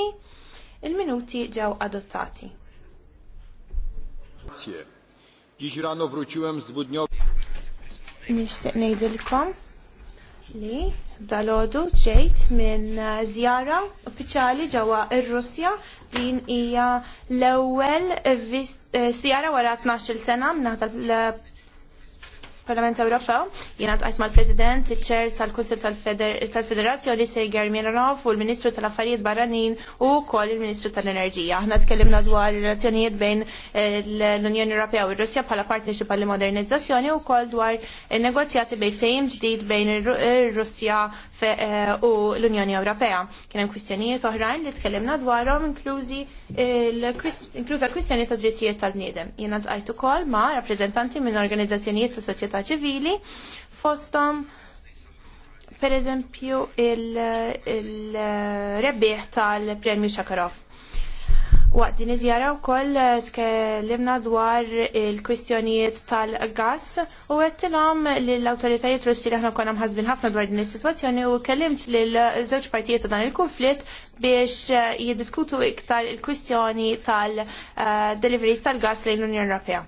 oġġezzjonijiet, il-minuti ġew adottati. Dziś rano wróciłem z dwudniowej... Nishtiq ngħidilkom li dalodu ġejt minn zjara uffiċjali ġewwa ir-Russja din hija l-ewwel żjara eh, wara 12-il sena mingħata Parlament Ewropew, jiena tqajt mal-President, iċ-Ċer tal-Kunsil tal-Federazzjoni Sergej Mironov u l-Ministru tal-Affarijiet Barranin u wkoll il-Ministru tal-Enerġija. Aħna tkellimna dwar relazzjonijiet bejn eh, l-Unjoni Ewropea u r-Russja bħala partnership għall modernizzazzjoni u wkoll dwar eh, negozjati bejn fejn ġdid bejn ir-Russja eh, u l-Unjoni Ewropea. Kien hemm kwistjonijiet oħrajn li tkellimna dwarhom inklużi l-kwistjoni ta' drittijiet tal-bniedem. Jiena tqajt ukoll ma' rappreżentanti minn organizzazzjonijiet tas-soċjetà soċjetà ċivili fosthom pereżempju il-rebbieħ il eh, tal-Premju Shakarov. Waqt din iżjara wkoll eh, tkellimna dwar il-kwistjonijiet tal-gass u għedtilhom l awtoritajiet Russi li aħna konna mħazbin ħafna dwar din is-sitwazzjoni u kellimt lil żewġ partijiet ta' dan il-konflitt biex eh, jiddiskutu iktar il-kwistjoni tal-deliveries tal-gass lejn l-Unjoni Ewropea.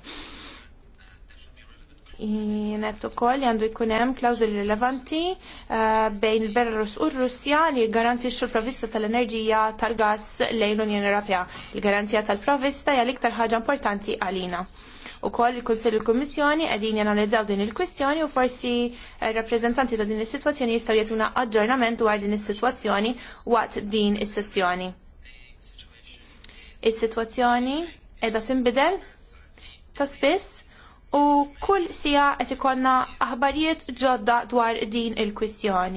Jienet u koll għandu jkun hemm klawżuli rilevanti eh, bejn il-Belarus u r-Russja li garantixxu l-provvista tal-enerġija tal-gas lejn l-Unjoni Ewropea. Il-garanzija tal-provvista hija l-iktar ħaġa importanti għalina u koll il u il kummissjoni għedin janalizzaw din il-kwistjoni u forsi r-rappreżentanti eh, ta' din il-situazzjoni jistaw jatuna aġġornament dwar din il-situazzjoni waqt din il-sessjoni. Il-situazzjoni edha timbidel ta' spiss u kull sija qed ikollna aħbarijiet ġodda dwar din il-kwistjoni.